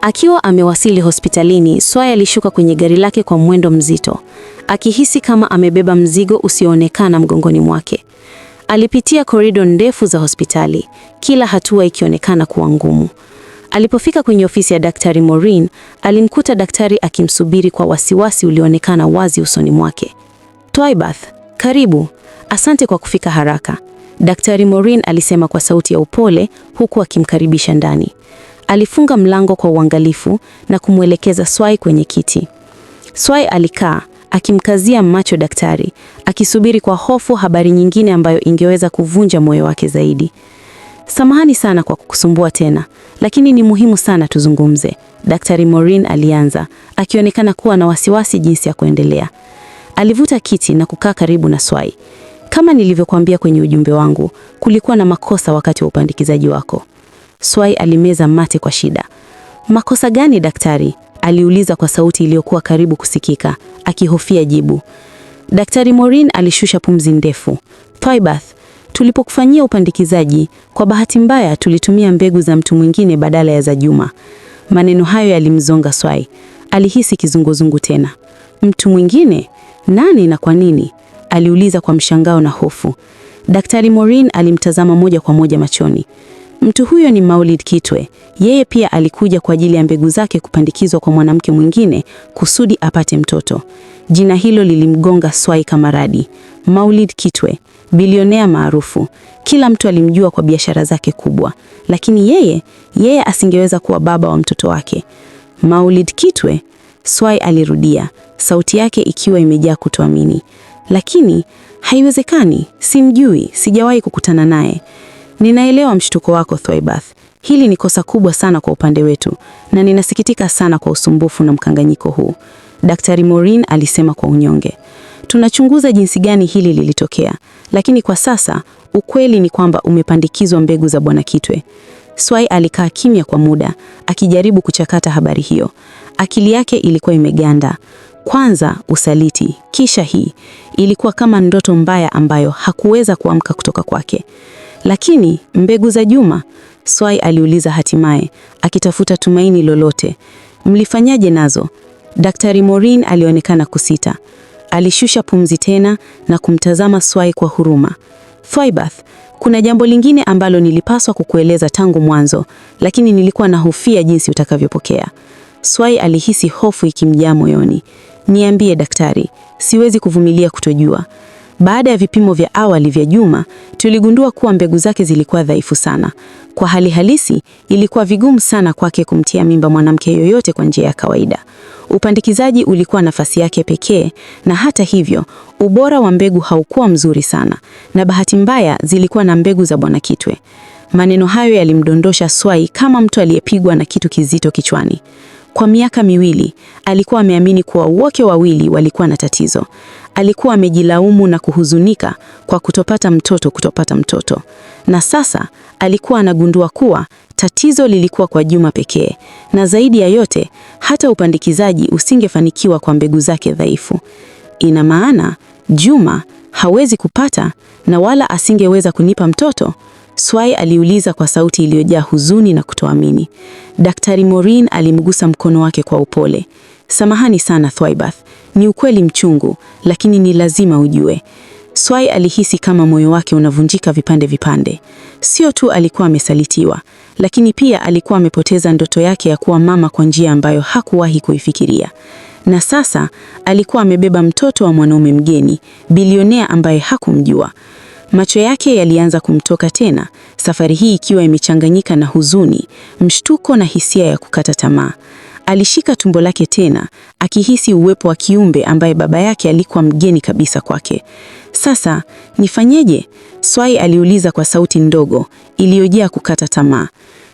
Akiwa amewasili hospitalini, Swai alishuka kwenye gari lake kwa mwendo mzito, akihisi kama amebeba mzigo usioonekana mgongoni mwake. Alipitia korido ndefu za hospitali, kila hatua ikionekana kuwa ngumu. Alipofika kwenye ofisi ya Daktari Morin, alimkuta daktari akimsubiri kwa wasiwasi ulioonekana wazi usoni mwake. Twibath, karibu. Asante kwa kufika haraka. Daktari Morin alisema kwa sauti ya upole huku akimkaribisha ndani. Alifunga mlango kwa uangalifu na kumwelekeza Swai kwenye kiti. Swai alikaa akimkazia macho daktari, akisubiri kwa hofu habari nyingine ambayo ingeweza kuvunja moyo wake zaidi. Samahani sana kwa kukusumbua tena, lakini ni muhimu sana tuzungumze, Daktari Morin alianza, akionekana kuwa na wasiwasi jinsi ya kuendelea. Alivuta kiti na kukaa karibu na Swai. Kama nilivyokuambia kwenye ujumbe wangu, kulikuwa na makosa wakati wa upandikizaji wako. Swai alimeza mate kwa shida. Makosa gani daktari? aliuliza kwa sauti iliyokuwa karibu kusikika, akihofia jibu. Daktari Morin alishusha pumzi ndefu. Twibath, tulipokufanyia upandikizaji, kwa bahati mbaya tulitumia mbegu za mtu mwingine badala ya za Juma. Maneno hayo yalimzonga Swai. Alihisi kizunguzungu tena. Mtu mwingine? Nani na kwa nini? aliuliza kwa mshangao na hofu. Daktari Morin alimtazama moja kwa moja machoni. Mtu huyo ni Maulid Kitwe. Yeye pia alikuja kwa ajili ya mbegu zake kupandikizwa kwa mwanamke mwingine kusudi apate mtoto. Jina hilo lilimgonga Swai kama radi. Maulid Kitwe, bilionea maarufu. Kila mtu alimjua kwa biashara zake kubwa, lakini yeye, yeye asingeweza kuwa baba wa mtoto wake. Maulid Kitwe, Swai alirudia, sauti yake ikiwa imejaa kutoamini. Lakini haiwezekani, simjui, sijawahi kukutana naye. Ninaelewa mshtuko wako Thwaibath, Hili ni kosa kubwa sana kwa upande wetu na ninasikitika sana kwa usumbufu na mkanganyiko huu, Daktari Morin alisema kwa unyonge. Tunachunguza jinsi gani hili lilitokea, lakini kwa sasa ukweli ni kwamba umepandikizwa mbegu za Bwana Kitwe. Swai alikaa kimya kwa muda akijaribu kuchakata habari hiyo. Akili yake ilikuwa imeganda. Kwanza usaliti, kisha hii. Ilikuwa kama ndoto mbaya ambayo hakuweza kuamka kutoka kwake. Lakini mbegu za Juma, Swai aliuliza hatimaye, akitafuta tumaini lolote. Mlifanyaje nazo? Daktari Morin alionekana kusita. Alishusha pumzi tena na kumtazama Swai kwa huruma. Thwaibath, kuna jambo lingine ambalo nilipaswa kukueleza tangu mwanzo, lakini nilikuwa nahofia jinsi utakavyopokea. Swai alihisi hofu ikimjaa moyoni. Niambie daktari, siwezi kuvumilia kutojua. Baada ya vipimo vya awali vya Juma, tuligundua kuwa mbegu zake zilikuwa dhaifu sana. Kwa hali halisi, ilikuwa vigumu sana kwake kumtia mimba mwanamke yoyote kwa njia ya kawaida. Upandikizaji ulikuwa nafasi yake pekee, na hata hivyo, ubora wa mbegu haukuwa mzuri sana, na bahati mbaya zilikuwa na mbegu za Bwana Kitwe. Maneno hayo yalimdondosha Swai kama mtu aliyepigwa na kitu kizito kichwani. Kwa miaka miwili alikuwa ameamini kuwa wote wawili walikuwa na tatizo. Alikuwa amejilaumu na kuhuzunika kwa kutopata mtoto, kutopata mtoto, na sasa alikuwa anagundua kuwa tatizo lilikuwa kwa Juma pekee, na zaidi ya yote, hata upandikizaji usingefanikiwa kwa mbegu zake dhaifu. Ina maana Juma hawezi kupata na wala asingeweza kunipa mtoto. Swai aliuliza kwa sauti iliyojaa huzuni na kutoamini. Daktari Morin alimgusa mkono wake kwa upole. Samahani sana Thwaibath, ni ukweli mchungu, lakini ni lazima ujue. Swai alihisi kama moyo wake unavunjika vipande vipande. Sio tu alikuwa amesalitiwa, lakini pia alikuwa amepoteza ndoto yake ya kuwa mama kwa njia ambayo hakuwahi kuifikiria. Na sasa alikuwa amebeba mtoto wa mwanaume mgeni, bilionea ambaye hakumjua. Macho yake yalianza kumtoka tena, safari hii ikiwa imechanganyika na huzuni, mshtuko na hisia ya kukata tamaa. Alishika tumbo lake tena, akihisi uwepo wa kiumbe ambaye baba yake alikuwa mgeni kabisa kwake. Sasa nifanyeje? Swai aliuliza kwa sauti ndogo iliyojaa kukata tamaa.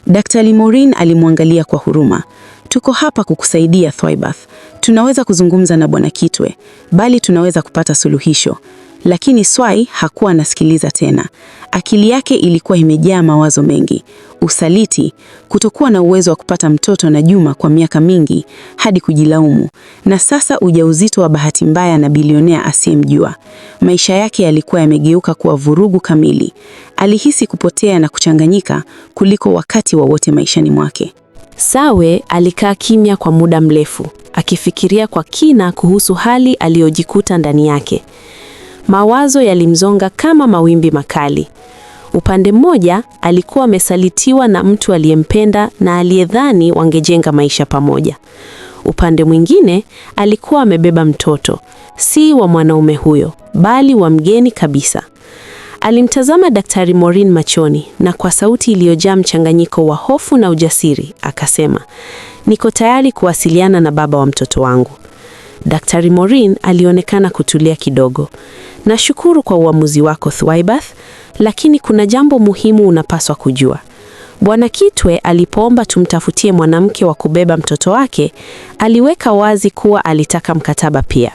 Daktari Morin alimwangalia kwa huruma. Tuko hapa kukusaidia Thwibath. Tunaweza kuzungumza na Bwana Kitwe, bali tunaweza kupata suluhisho. Lakini Swai hakuwa anasikiliza tena. Akili yake ilikuwa imejaa mawazo mengi: usaliti, kutokuwa na uwezo wa kupata mtoto na Juma kwa miaka mingi, hadi kujilaumu, na sasa ujauzito wa bahati mbaya na bilionea asiyemjua. Maisha yake yalikuwa yamegeuka kuwa vurugu kamili. Alihisi kupotea na kuchanganyika kuliko wakati wowote wa maishani mwake. Sawe alikaa kimya kwa muda mrefu, akifikiria kwa kina kuhusu hali aliyojikuta ndani yake. Mawazo yalimzonga kama mawimbi makali. Upande mmoja alikuwa amesalitiwa na mtu aliyempenda na aliyedhani wangejenga maisha pamoja. Upande mwingine alikuwa amebeba mtoto, si wa mwanaume huyo, bali wa mgeni kabisa. Alimtazama Daktari Morin machoni na kwa sauti iliyojaa mchanganyiko wa hofu na ujasiri akasema, niko tayari kuwasiliana na baba wa mtoto wangu. Daktari Morin alionekana kutulia kidogo. Nashukuru kwa uamuzi wako Thwibath, lakini kuna jambo muhimu unapaswa kujua. Bwana Kitwe alipoomba tumtafutie mwanamke wa kubeba mtoto wake, aliweka wazi kuwa alitaka mkataba pia.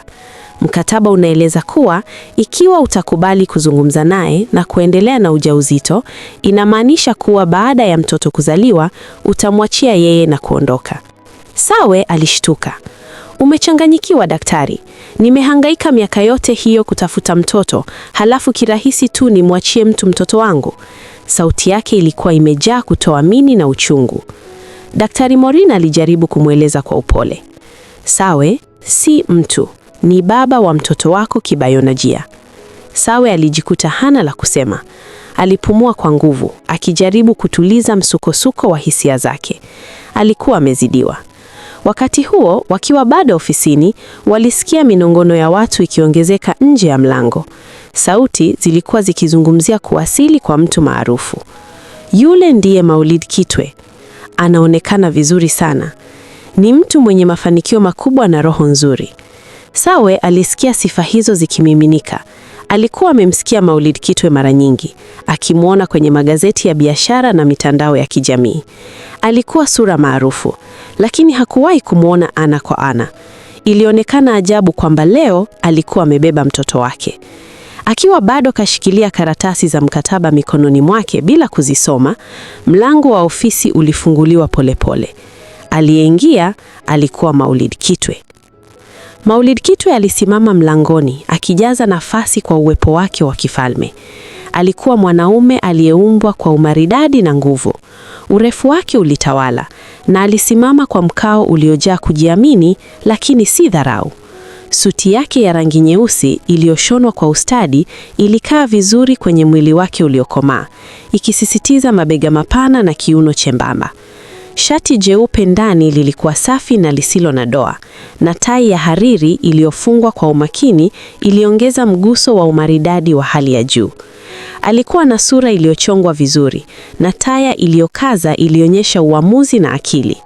Mkataba unaeleza kuwa ikiwa utakubali kuzungumza naye na kuendelea na ujauzito, inamaanisha kuwa baada ya mtoto kuzaliwa utamwachia yeye na kuondoka. Sawe alishtuka. Umechanganyikiwa daktari, nimehangaika miaka yote hiyo kutafuta mtoto, halafu kirahisi tu nimwachie mtu mtoto wangu? Sauti yake ilikuwa imejaa kutoamini na uchungu. Daktari Morina alijaribu kumweleza kwa upole, Sawe si mtu, ni baba wa mtoto wako kibayolojia. Sawe alijikuta hana la kusema. Alipumua kwa nguvu, akijaribu kutuliza msukosuko wa hisia zake. Alikuwa amezidiwa. Wakati huo wakiwa bado ofisini, walisikia minongono ya watu ikiongezeka nje ya mlango. Sauti zilikuwa zikizungumzia kuwasili kwa mtu maarufu. Yule ndiye Maulid Kitwe. Anaonekana vizuri sana, ni mtu mwenye mafanikio makubwa na roho nzuri. Sawe alisikia sifa hizo zikimiminika. Alikuwa amemsikia Maulid Kitwe mara nyingi, akimwona kwenye magazeti ya biashara na mitandao ya kijamii. Alikuwa sura maarufu, lakini hakuwahi kumwona ana kwa ana. Ilionekana ajabu kwamba leo alikuwa amebeba mtoto wake. Akiwa bado kashikilia karatasi za mkataba mikononi mwake bila kuzisoma, mlango wa ofisi ulifunguliwa polepole. Aliyeingia alikuwa Maulid Kitwe. Maulid Kitwe alisimama mlangoni akijaza nafasi kwa uwepo wake wa kifalme alikuwa mwanaume aliyeumbwa kwa umaridadi na nguvu. Urefu wake ulitawala na alisimama kwa mkao uliojaa kujiamini, lakini si dharau. Suti yake ya rangi nyeusi iliyoshonwa kwa ustadi ilikaa vizuri kwenye mwili wake uliokomaa, ikisisitiza mabega mapana na kiuno chembamba. Shati jeupe ndani lilikuwa safi na lisilo na doa, na tai ya hariri iliyofungwa kwa umakini iliongeza mguso wa umaridadi wa hali ya juu. Alikuwa na sura iliyochongwa vizuri, na taya iliyokaza ilionyesha uamuzi na akili.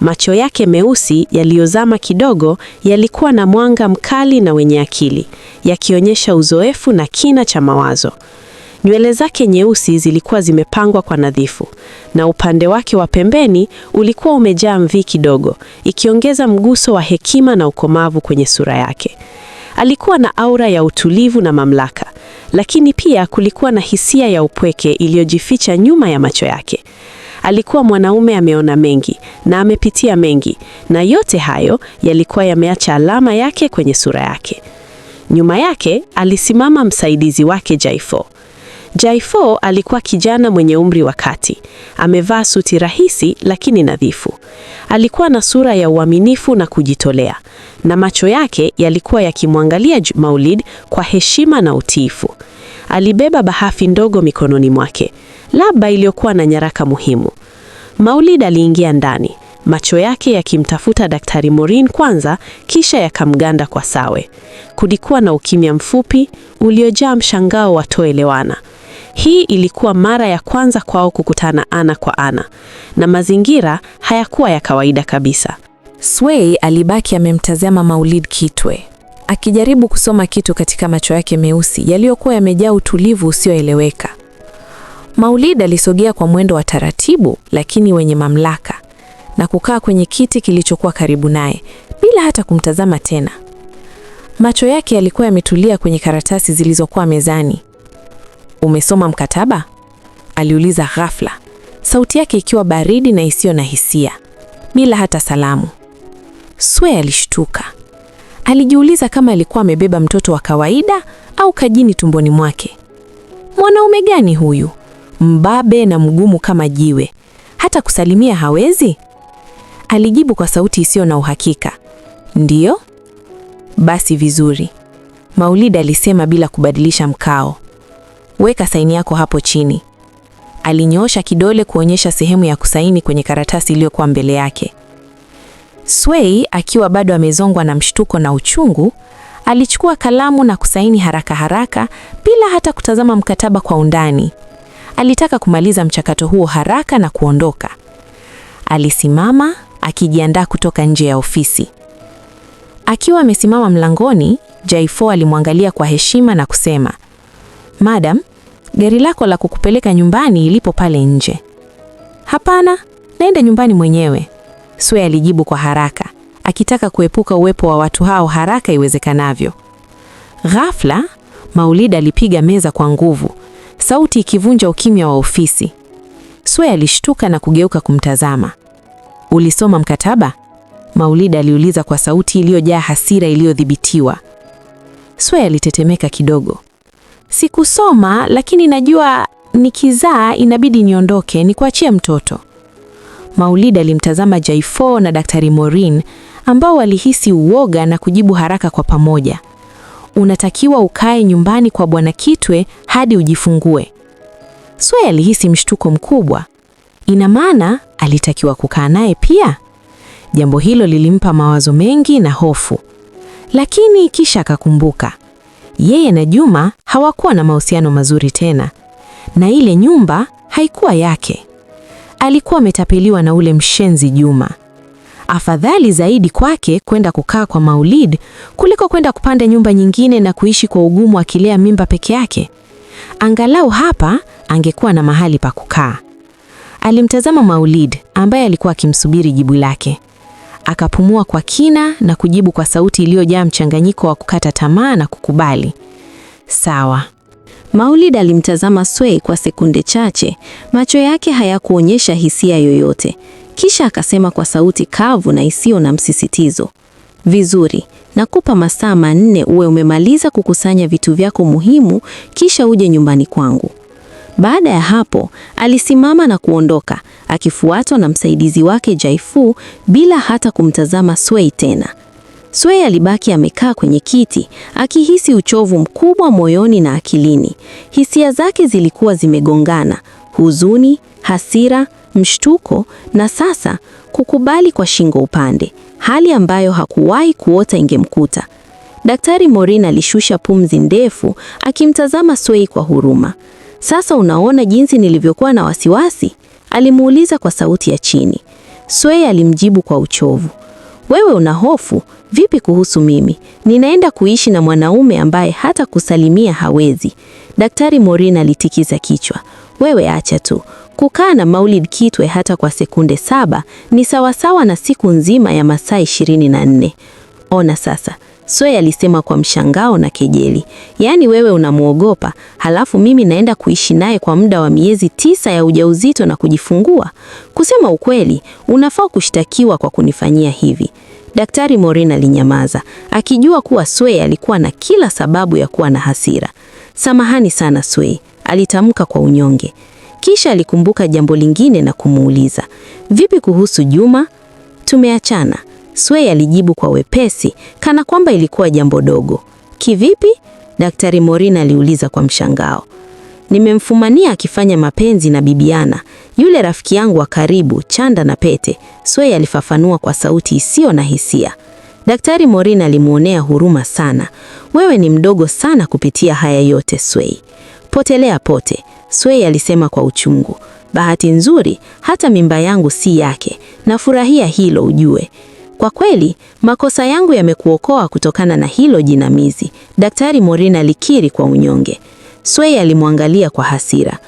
Macho yake meusi yaliyozama kidogo yalikuwa na mwanga mkali na wenye akili, yakionyesha uzoefu na kina cha mawazo. Nywele zake nyeusi zilikuwa zimepangwa kwa nadhifu na upande wake wa pembeni ulikuwa umejaa mvi kidogo, ikiongeza mguso wa hekima na ukomavu kwenye sura yake. Alikuwa na aura ya utulivu na mamlaka, lakini pia kulikuwa na hisia ya upweke iliyojificha nyuma ya macho yake. Alikuwa mwanaume ameona mengi na amepitia mengi, na yote hayo yalikuwa yameacha alama yake kwenye sura yake. Nyuma yake alisimama msaidizi wake Jaifo, Jaifo alikuwa kijana mwenye umri wa kati, amevaa suti rahisi lakini nadhifu. Alikuwa na sura ya uaminifu na kujitolea, na macho yake yalikuwa yakimwangalia Maulid kwa heshima na utiifu. Alibeba bahafi ndogo mikononi mwake, labda iliyokuwa na nyaraka muhimu. Maulid aliingia ndani, macho yake yakimtafuta Daktari Morin kwanza, kisha yakamganda kwa Sawe. Kulikuwa na ukimya mfupi uliojaa mshangao watoelewana. Hii ilikuwa mara ya kwanza kwao kukutana ana kwa ana, na mazingira hayakuwa ya kawaida kabisa. Swei alibaki amemtazama Maulid Kitwe akijaribu kusoma kitu katika macho yake meusi yaliyokuwa yamejaa utulivu usioeleweka. Maulid alisogea kwa mwendo wa taratibu lakini wenye mamlaka na kukaa kwenye kiti kilichokuwa karibu naye bila hata kumtazama tena. Macho yake yalikuwa yametulia kwenye karatasi zilizokuwa mezani, umesoma mkataba? aliuliza ghafla, sauti yake ikiwa baridi na isiyo na hisia, bila hata salamu. Swe alishtuka. Alijiuliza kama alikuwa amebeba mtoto wa kawaida au kajini tumboni mwake. Mwanaume gani huyu? Mbabe na mgumu kama jiwe, hata kusalimia hawezi. Alijibu kwa sauti isiyo na uhakika, ndiyo. Basi vizuri, Maulida alisema bila kubadilisha mkao weka saini yako hapo chini. Alinyoosha kidole kuonyesha sehemu ya kusaini kwenye karatasi iliyokuwa mbele yake. Swei akiwa bado amezongwa na mshtuko na uchungu, alichukua kalamu na kusaini haraka haraka bila hata kutazama mkataba kwa undani. Alitaka kumaliza mchakato huo haraka na kuondoka. Alisimama akijiandaa kutoka nje ya ofisi. Akiwa amesimama mlangoni, Jaifo alimwangalia kwa heshima na kusema, Madam, gari lako la kukupeleka nyumbani lipo pale nje. Hapana, naenda nyumbani mwenyewe, Sue alijibu kwa haraka, akitaka kuepuka uwepo wa watu hao haraka iwezekanavyo. Ghafla, Maulida alipiga meza kwa nguvu, sauti ikivunja ukimya wa ofisi. Sue alishtuka na kugeuka kumtazama. Ulisoma mkataba? Maulida aliuliza kwa sauti iliyojaa hasira iliyodhibitiwa. Sue alitetemeka kidogo. Sikusoma, lakini najua nikizaa inabidi niondoke, nikuachie mtoto. Maulida alimtazama Jaifo na Daktari Morin ambao walihisi uoga na kujibu haraka kwa pamoja. Unatakiwa ukae nyumbani kwa Bwana Kitwe hadi ujifungue. Swai alihisi mshtuko mkubwa. Ina maana alitakiwa kukaa naye pia? Jambo hilo lilimpa mawazo mengi na hofu, lakini kisha akakumbuka yeye na Juma hawakuwa na mahusiano mazuri tena, na ile nyumba haikuwa yake. Alikuwa ametapeliwa na ule mshenzi Juma. Afadhali zaidi kwake kwenda kukaa kwa Maulid kuliko kwenda kupanda nyumba nyingine na kuishi kwa ugumu akilea mimba peke yake. Angalau hapa angekuwa na mahali pa kukaa. Alimtazama Maulid ambaye alikuwa akimsubiri jibu lake. Akapumua kwa kina na kujibu kwa sauti iliyojaa mchanganyiko wa kukata tamaa na kukubali. Sawa. Maulid alimtazama Swei kwa sekunde chache, macho yake hayakuonyesha hisia yoyote. Kisha akasema kwa sauti kavu na isiyo na msisitizo, vizuri, nakupa masaa manne uwe umemaliza kukusanya vitu vyako muhimu, kisha uje nyumbani kwangu. Baada ya hapo, alisimama na kuondoka akifuatwa na msaidizi wake Jaifu bila hata kumtazama Swei tena. Swei alibaki amekaa kwenye kiti akihisi uchovu mkubwa moyoni na akilini. Hisia zake zilikuwa zimegongana: huzuni, hasira, mshtuko na sasa kukubali kwa shingo upande, hali ambayo hakuwahi kuota ingemkuta. Daktari Morin alishusha pumzi ndefu akimtazama Swei kwa huruma. Sasa unaona jinsi nilivyokuwa na wasiwasi? Alimuuliza kwa sauti ya chini. Swei alimjibu kwa uchovu. Wewe una hofu? Vipi kuhusu mimi? Ninaenda kuishi na mwanaume ambaye hata kusalimia hawezi. Daktari Morin alitikisa kichwa. Wewe acha tu. Kukaa na Maulid Kitwe hata kwa sekunde saba ni sawasawa na siku nzima ya masaa ishirini na nne. Ona sasa, Swai alisema kwa mshangao na kejeli. Yaani wewe unamwogopa, halafu mimi naenda kuishi naye kwa muda wa miezi tisa ya ujauzito na kujifungua? Kusema ukweli, unafaa kushtakiwa kwa kunifanyia hivi. Daktari Morin alinyamaza, akijua kuwa Swai alikuwa na kila sababu ya kuwa na hasira. Samahani sana Swai, alitamka kwa unyonge. Kisha alikumbuka jambo lingine na kumuuliza, vipi kuhusu Juma? Tumeachana. Swei alijibu kwa wepesi, kana kwamba ilikuwa jambo dogo. Kivipi? Daktari Morin aliuliza kwa mshangao. Nimemfumania akifanya mapenzi na Bibiana, yule rafiki yangu wa karibu, chanda na pete, Swei alifafanua kwa sauti isiyo na hisia. Daktari Morin alimwonea huruma sana. Wewe ni mdogo sana kupitia haya yote Swei, potelea pote, Swei alisema kwa uchungu. Bahati nzuri hata mimba yangu si yake, nafurahia hilo ujue. Kwa kweli, makosa yangu yamekuokoa kutokana na hilo jinamizi, Daktari Morin alikiri kwa unyonge. Swei alimwangalia kwa hasira.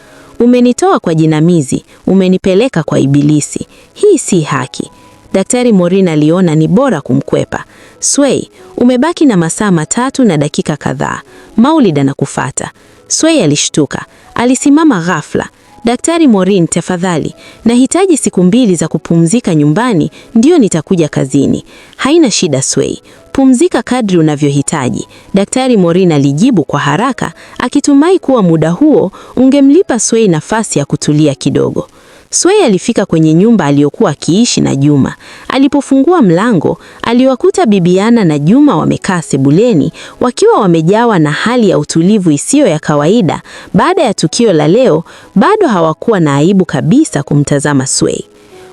Umenitoa kwa jinamizi, umenipeleka kwa ibilisi. Hii si haki. Daktari Morin aliona ni bora kumkwepa. Swei, umebaki na masaa matatu na dakika kadhaa. Maulid kufata Swei alishtuka, alisimama ghafla. Daktari Morin, tafadhali, nahitaji siku mbili za kupumzika nyumbani, ndio nitakuja kazini. Haina shida Swei, pumzika kadri unavyohitaji, Daktari Morin alijibu kwa haraka, akitumai kuwa muda huo ungemlipa Swei nafasi ya kutulia kidogo. Swei alifika kwenye nyumba aliyokuwa akiishi na Juma. Alipofungua mlango, aliwakuta Bibiana na Juma wamekaa sebuleni wakiwa wamejawa na hali ya utulivu isiyo ya kawaida. Baada ya tukio la leo, bado hawakuwa na aibu kabisa kumtazama Swei.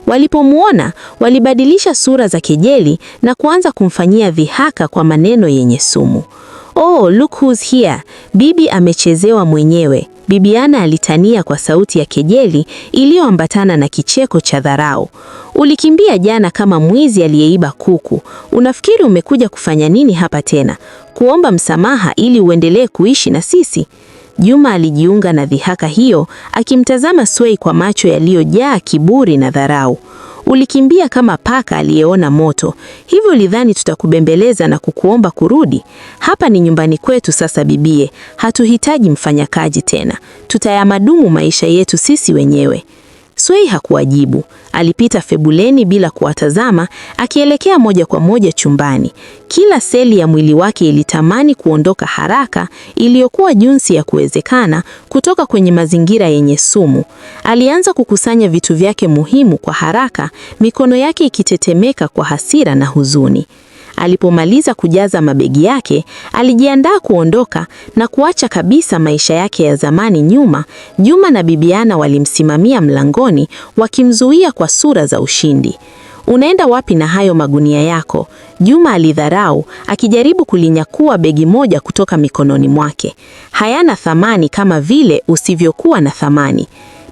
Walipomwona, walibadilisha sura za kejeli na kuanza kumfanyia dhihaka kwa maneno yenye sumu. Oh, look who's here. Bibi amechezewa mwenyewe. Bibiana alitania kwa sauti ya kejeli iliyoambatana na kicheko cha dharau. Ulikimbia jana kama mwizi aliyeiba kuku. Unafikiri umekuja kufanya nini hapa tena? Kuomba msamaha ili uendelee kuishi na sisi? Juma alijiunga na dhihaka hiyo akimtazama Swei kwa macho yaliyojaa kiburi na dharau. Ulikimbia kama paka aliyeona moto, hivyo ulidhani tutakubembeleza na kukuomba kurudi. Hapa ni nyumbani kwetu sasa, bibie. Hatuhitaji mfanyakazi tena, tutayamadumu maisha yetu sisi wenyewe. Swei hakuwajibu. Alipita febuleni bila kuwatazama, akielekea moja kwa moja chumbani. Kila seli ya mwili wake ilitamani kuondoka haraka, iliyokuwa jinsi ya kuwezekana, kutoka kwenye mazingira yenye sumu. Alianza kukusanya vitu vyake muhimu kwa haraka, mikono yake ikitetemeka kwa hasira na huzuni. Alipomaliza kujaza mabegi yake, alijiandaa kuondoka na kuacha kabisa maisha yake ya zamani nyuma. Juma na Bibiana walimsimamia mlangoni, wakimzuia kwa sura za ushindi. Unaenda wapi na hayo magunia yako? Juma alidharau, akijaribu kulinyakua begi moja kutoka mikononi mwake. Hayana thamani kama vile usivyokuwa na thamani.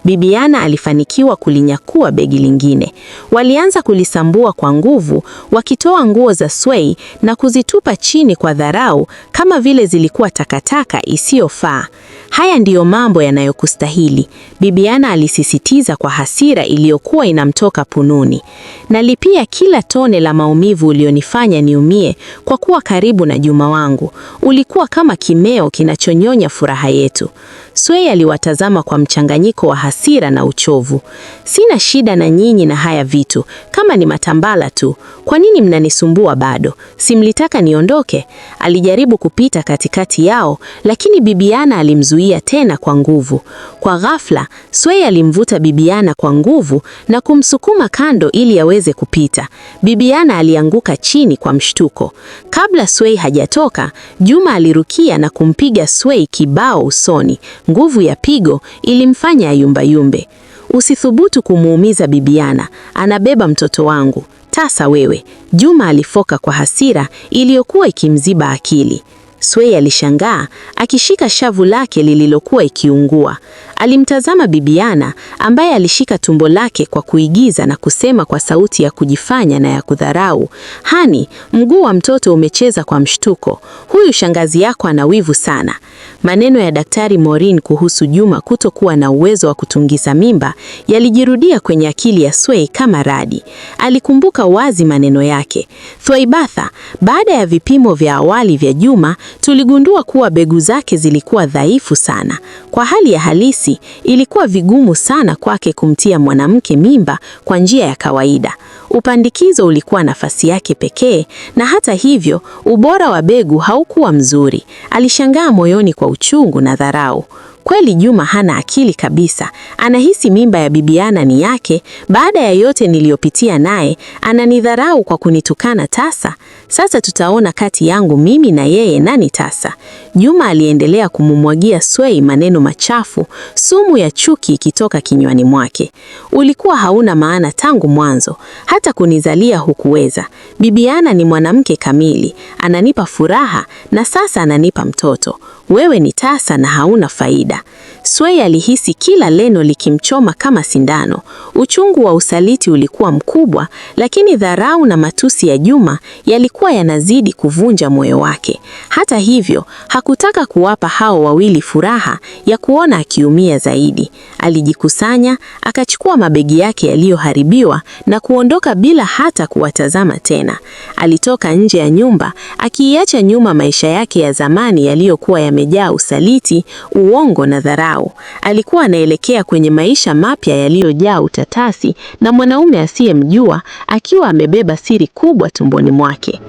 Bibiana alifanikiwa kulinyakua begi lingine. Walianza kulisambua kwa nguvu, wakitoa nguo za Swei na kuzitupa chini kwa dharau, kama vile zilikuwa takataka isiyofaa. Haya ndiyo mambo yanayokustahili, Bibiana alisisitiza kwa hasira iliyokuwa inamtoka pununi. Nalipia kila tone la maumivu ulionifanya niumie kwa kuwa karibu na Juma wangu. Ulikuwa kama kimeo kinachonyonya furaha yetu. Swei aliwatazama kwa mchanganyiko wa hasira na uchovu. Sina shida na nyinyi na haya vitu, kama ni matambala tu. Kwa nini mnanisumbua bado? Simlitaka niondoke? Alijaribu kupita katikati yao, lakini Bibiana alimzuia tena kwa nguvu. Kwa ghafla, Swei alimvuta Bibiana kwa nguvu na kumsukuma kando ili aweze kupita. Bibiana alianguka chini kwa mshtuko. Kabla Swei hajatoka, Juma alirukia na kumpiga Swei kibao usoni. Nguvu ya pigo ilimfanya ayumbayumbe. Usithubutu kumuumiza Bibiana, anabeba mtoto wangu. Tasa wewe! Juma alifoka kwa hasira iliyokuwa ikimziba akili. Swei alishangaa akishika shavu lake lililokuwa ikiungua. Alimtazama Bibiana ambaye alishika tumbo lake kwa kuigiza na kusema kwa sauti ya kujifanya na ya kudharau, Hani, mguu wa mtoto umecheza kwa mshtuko. Huyu shangazi yako ana wivu sana. Maneno ya Daktari Maureen kuhusu Juma kutokuwa na uwezo wa kutungiza mimba yalijirudia kwenye akili ya Swei kama radi. Alikumbuka wazi maneno yake. Thwaibatha, baada ya vipimo vya awali vya Juma, tuligundua kuwa begu zake zilikuwa dhaifu sana. Kwa hali ya halisi, ilikuwa vigumu sana kwake kumtia mwanamke mimba kwa njia ya kawaida. Upandikizo ulikuwa nafasi yake pekee, na hata hivyo, ubora wa begu haukuwa mzuri. Alishangaa moyoni kwa uchungu na dharau. Kweli Juma hana akili kabisa. Anahisi mimba ya Bibiana ni yake. Baada ya yote niliyopitia naye, ananidharau kwa kunitukana tasa. Sasa tutaona kati yangu mimi na yeye nani tasa. Juma aliendelea kumumwagia Swei maneno machafu, sumu ya chuki ikitoka kinywani mwake. Ulikuwa hauna maana tangu mwanzo, hata kunizalia hukuweza. Bibiana ni mwanamke kamili, ananipa furaha na sasa ananipa mtoto. Wewe ni tasa na hauna faida. Swei alihisi kila leno likimchoma kama sindano. Uchungu wa usaliti ulikuwa mkubwa, lakini dharau na matusi ya Juma yalikuwa yanazidi kuvunja moyo wake. Hata hivyo, hakutaka kuwapa hao wawili furaha ya kuona akiumia zaidi. Alijikusanya, akachukua mabegi yake yaliyoharibiwa na kuondoka bila hata kuwatazama tena. Alitoka nje ya nyumba, akiiacha nyuma maisha yake ya zamani yaliyokuwa yamejaa usaliti, uongo na dharau yao. Alikuwa anaelekea kwenye maisha mapya yaliyojaa utatasi na mwanaume asiyemjua akiwa amebeba siri kubwa tumboni mwake.